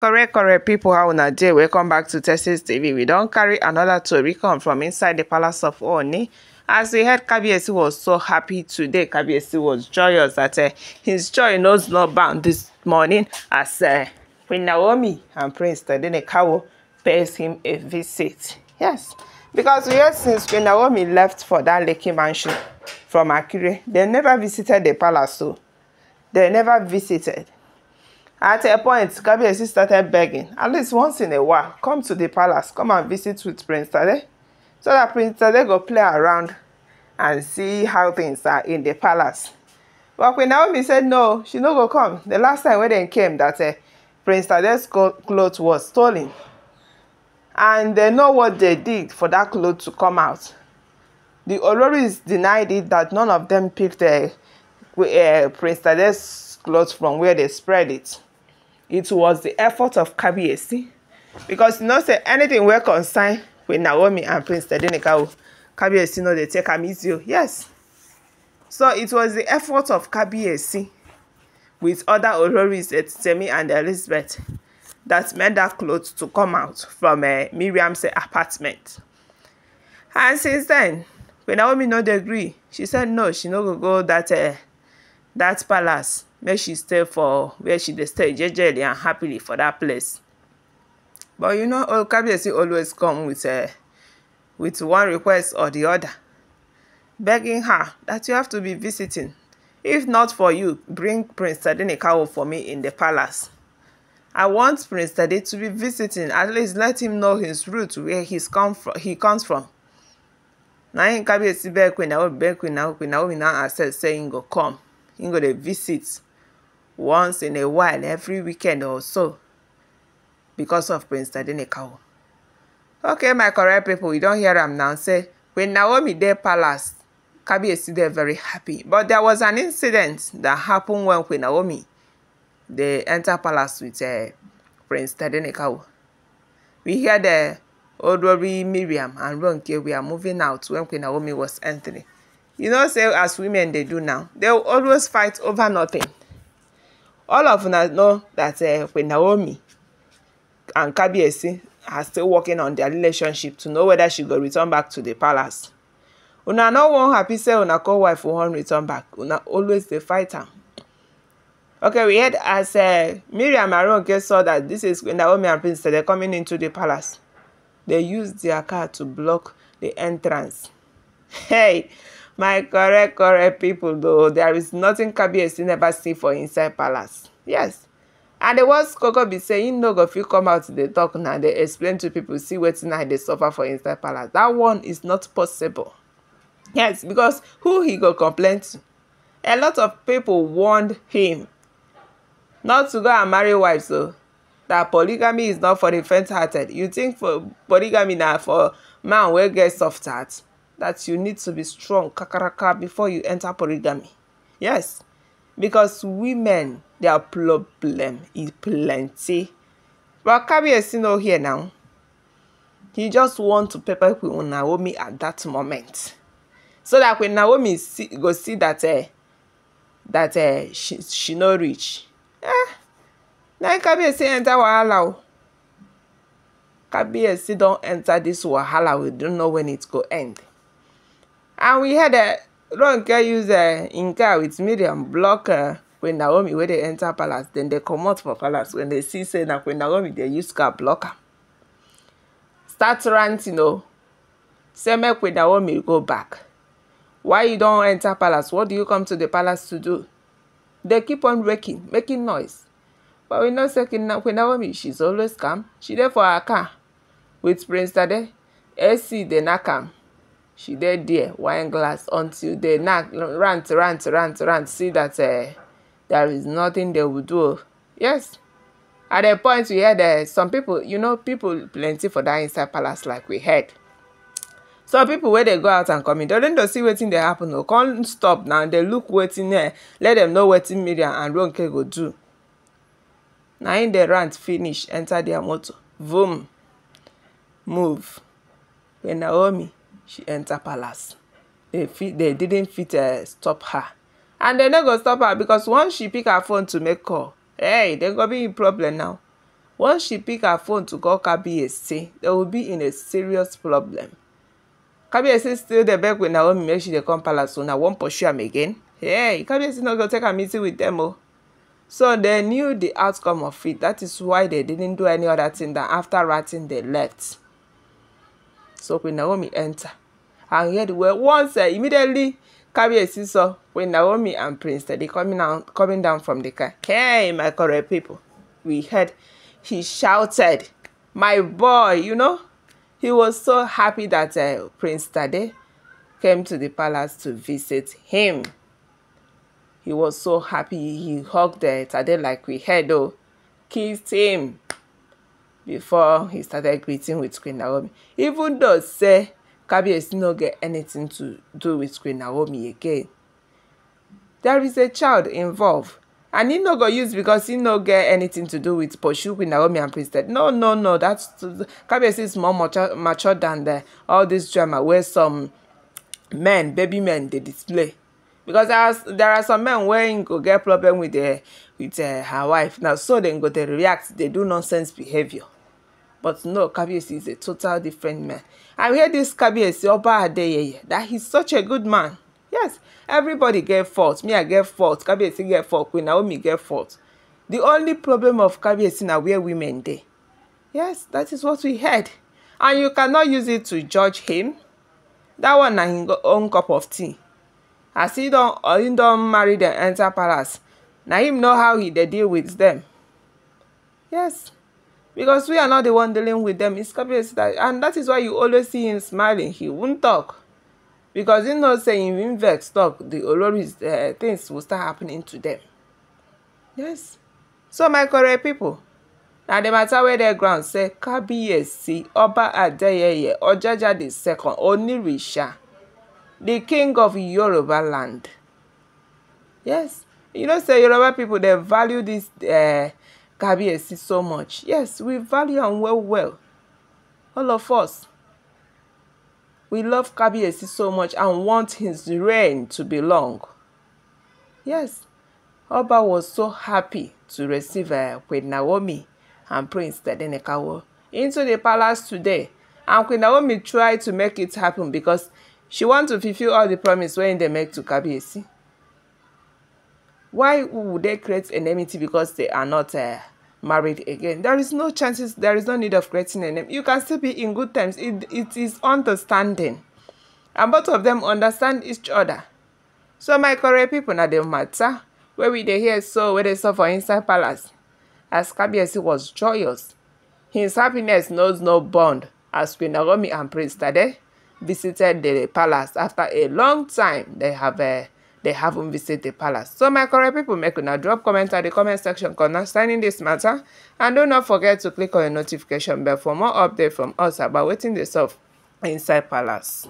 correct correct pipo how una dey welcome back to texas tv we don't carry another tori come from inside the palace of oni as we heard kabiyesi was so happy today kabiyesi was joyous that uh, his joy knows no bound this morning as uh, queen naomi and prince tadenikawo pays him a visit yes because we heard since queen naomi left for that lekki mansion from akure they never visited the palace so oh. they never visited At a point, Kabiyesi started begging, at least once in a while, come to the palace, come and visit with Prince Tade. So that Prince Tade go play around and see how things are in the palace. But when Naomi said no, she no go come. The last time when they came, that uh, Prince Tade's clothes was stolen. And they know what they did for that cloth to come out. The Oloris denied it that none of them picked uh, uh, Prince Tade's clothes from where they spread it it was the effort of Kabiyesi because you know say anything wey concern with Naomi and Prince Tedenika o oh, know they take am easy oh. yes so it was the effort of Kabiyesi with other oloris Temi and Elizabeth that made that clothes to come out from uh, eh, Miriam's apartment and since then when Naomi no dey gree she said no she no go go that uh, that palace make she stay for where she dey stay jejely and happily for that place but you know oh, kabiyesi always come with eh, with one request or the other, begging her that you have to be visiting if not for you bring prince tadenikawo for me in the palace i want prince tade to be visiting at least let him know his route where he comes from Now, in kabiyesi beg queen naomi beg queen naomi now accept saying go come im go dey visit once in a while every weekend or so because of prince tadenikawo okay my correct people you don't hear am now say when naomi dey palace Kabi is dey very happy but there was an incident that happened when queen naomi they enter palace with uh, prince tadenikawo we hear the odori miriam and ronke we are moving out when queen naomi was entering you know say as women they do now they always fight over nothing all of una know that uh, Queen Naomi and Kabiyesi are still working on their relationship to know whether she go return back to the palace una no one happy say una co-wife won't return back una always the fighter. okay we had as uh, eh, Mariam Aronke saw that this is when Naomi and Prince Tade coming into the palace they used their car to block the entrance hey my correct correct people though there is nothing kabiyesi never see for inside palace yes and the worst koko be say him no go fit come out dey talk na dey explain to people see wetin i dey suffer for inside palace That one is not possible yes because who he go complain to a lot of people warned him not to go and marry wives o that polygamy is not for the faint hearted you think for polygamy na for man wey get soft heart that you need to be strong kakaraka before you enter polygamy. Yes, because women, their problem is plenty. But Kabiyesi no here now. He just want to pepper with Naomi at that moment. So that when Naomi see, go see that uh, that uh, she, she no reach. Eh, na Kabiyesi enter wahala o. Kabiyesi don't enter this wahala we don't know when it go end and we heard uh, ronke use uh, nka wit miriam block uh, queen naomi where they enter palace then they come out for palace when they see say na when naomi they use car blocker, start ranting o oh. say make when naomi go back why you don't enter palace what do you come to the palace to do They keep on waking making noise but we know say when naomi she's always come, she there for her car with prince tade ac they not come she dey there wine glass until they knack rant rant rant rant see that uh, there is nothing they will do yes at a point we heard uh, some people you know people plenty for that inside palace like we heard some people wey dey go out and come in during to see wetin dey happen o oh, come stop now dey look wetin eh let them know wetin Miriam and ronke go do na im dey rant finish enter their motor vroom move when naomi she enter palace they fit they didn't fit uh, stop her and they no go stop her because once she pick her phone to make call hey they go be in problem now once she pick her phone to call kabiyesi they will be in a serious problem kabiyesi still dey beg with naomi make she they come palace so una wan pursue him again hey kabiyesi not go take a meeting with them. Oh. So they knew the outcome of it. That is why they didn't do any other thing than after writing, they left. sọ when Naomi enter and hear the word once uh, immediately see so when Naomi and Prince Teddy coming out coming down from the car hey my correct people we heard he shouted my boy you know he was so happy that uh, Prince Tade came to the palace to visit him. He was so happy. He hugged uh, Tade like we heard, though, kissed him, before he started greeting with Queen Naomi. Even though, say, Kabiyesi no get anything to do with Queen Naomi again. There is a child involved and he no go use because he no get anything to do with Poshu Queen Naomi and Prince No, no, no. That's Kabiyesi is more mature, mature than the, all this drama where some men, baby men, they display. Because there are, there are some men where he go get problem with the, with uh, her wife. Now, so they go they react. They do nonsense behavior. But no, Kabiyesi is a total different man. I hear this Kabiyesi Oba Adeyeye that he's such a good man. Yes, everybody get fault. Me, I get fault. Kabiyesi get fault. Queen Naomi get fault. The only problem of Kabiyesi na where women dey. Yes, that is what we heard. And you cannot use it to judge him. That one na him own cup of tea. As he don, he don marry dem enter palace, na him know how he dey deal with them. Yes because we are not the one dealing with them it's obvious that and that is why you always see him smiling he won't talk because he knows say if him vex talk the olori's uh, eh, things will start happening to them yes so my correct people now the matter where their ground say kabiyesi Oba adeyeye Ojaja the second onírìṣà the king of yoruba land yes you know say yoruba people they value this uh, Kabiyesi so much. Yes, we value am well, well. All of us. We love Kabiyesi so much and want his reign to be long. Yes, Oba was so happy to receive uh, Queen Naomi and Prince Tadenekawo into the palace today. And Queen Naomi tried to make it happen because she wants to fulfill all the promise when they make to Kabiyesi. Why would they create enmity because they are not uh, married again? There is no chances, there is no need of creating enmity. You can still be in good terms. It, it is understanding. And both of them understand each other. So my correct people now the matter where we they hear so wey dey suffer inside palace. As Kabiesi was joyous, his happiness knows no bound as Queen Naomi and Prince Tade visited the palace after a long time they have uh, they haven't visited the palace. So my correct people, make now drop comment at the comment section concerning this matter. And do not forget to click on the notification bell for more update from us about wetin the sup inside palace.